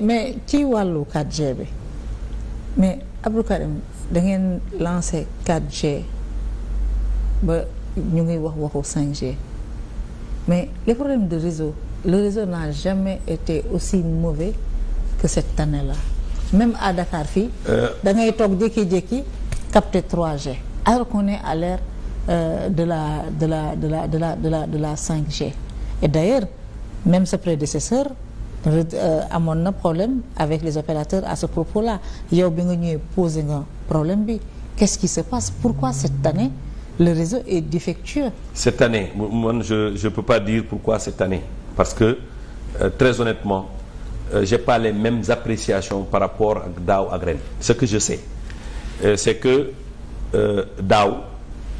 mais ci wàllu 4G bi mais Abdou Karim da ngeen lancé 4G ba ñu ngi wax waxu 5G mais les problèmes de réseau le réseau n'a jamais été aussi mauvais que cette année-là même à Dakar fii. Euh. da ngay toog jékki-jékki capté 3G alors qu'on à l'ère euh, de la de la de la de la de la de la 5G et d'ailleurs même sa prédécesseur. Euh, amoon na problème avec les opérateurs à ce propos là yow bi nga ñëwee posé nga problème bi qu'est-ce qui se passe pourquoi cette année le réseau est défectueux cette année man je je peux pas dire pourquoi cette année parce que euh, très honnêtement euh, j'ai pas les mêmes appréciations par rapport ak daaw ak ren ce que je sais euh, c'est que euh, daaw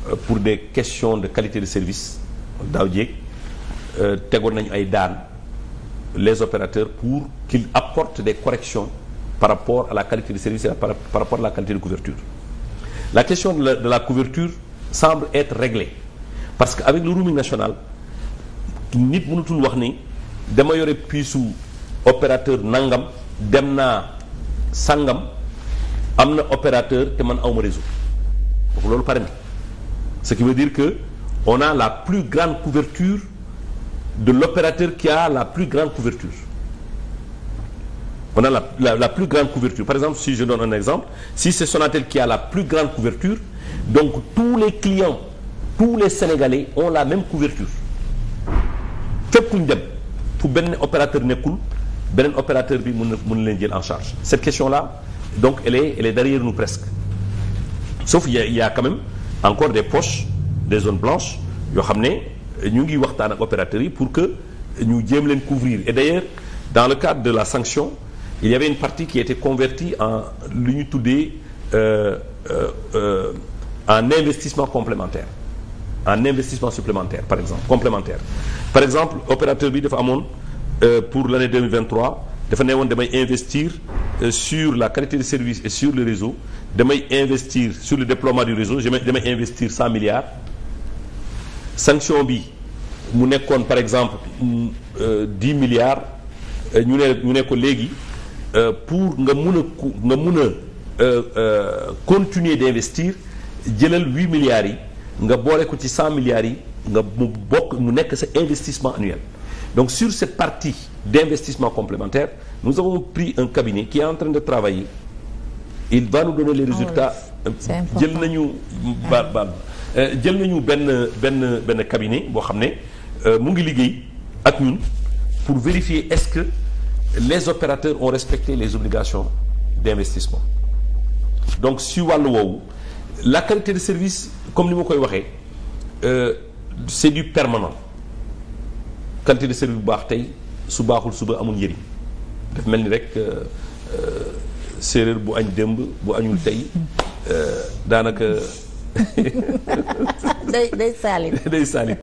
euh, pour des questions de qualité de service daaw jéeg tegoon nañu ay daan les opérateurs pour qu'ils apportent des corrections par rapport à la qualité de service et par, par rapport à la qualité de couverture. La question de la, de la couverture semble être réglée parce qu'avec le roaming national nit mënatul wax ni dama yore puisu opérateur nangam dem na sangam am na opérateur te man awma réseau donc loolu pare na ce qui veut dire que on a la plus grande couverture de l'opérateur qui a la plus grande couverture. On a la, la, la plus grande Par exemple, si je donne un exemple, si c'est Sonatel qui a la plus grande couverture, donc tous les clients, tous les Sénégalais ont la même couverture. fépp ku ñu dem fu benn opérateur nekkul beneen opérateur bi mën na mën leen jël en charge cette question là donc elle est elle est derrière nous presque sauf il y a, quand même encore des poches des zones blanches yoo xam ne ñu ngi waxtaan ak opérateurs yi pour que ñu jéem leen couvrir et d'ailleurs dans le cadre de la sanction il y avait une partie qui était convertie en lu ñu tuddee euh, euh, euh, en investissement complémentaire en investissement supplémentaire par exemple complémentaire par exemple opérateur bi dafa amoon pour l'année 2023 dafa ne woon damay investir sur la qualité de service et sur le réseau damay investir sur le déploiement du réseau damay investir 100 sanction bi mu nekkoon par exemple dix milliards euh, ñu ne ñu ne ko léegi euh, pour nga mun a nga mun a euh, continuer d'investir jëlal huit milliards yi nga boole ko ci cent milliards yi nga mu bokk mu nekk sa investissement annuel donc sur cette partie d'investissement complémentaire nous avons prix un cabinet qui est en train de travailler il va nous donner les ah résultats jël nañu baal Euh, jël nañu benn benn benn cabinet boo xam ne euh, mu ngi liggéey ak ñun pour vérifier est-ce que les opérateurs ont respecté les obligations d'investissement donc si wàllu woowu la qualité de service comme ni ma koy waxee euh, c'est du permanent qualité de service bu baax tey su baaxul suba amul njëriñ daf mel ni rek séeréer bu añ démb bu añul tey daanaka day day saalit day saalit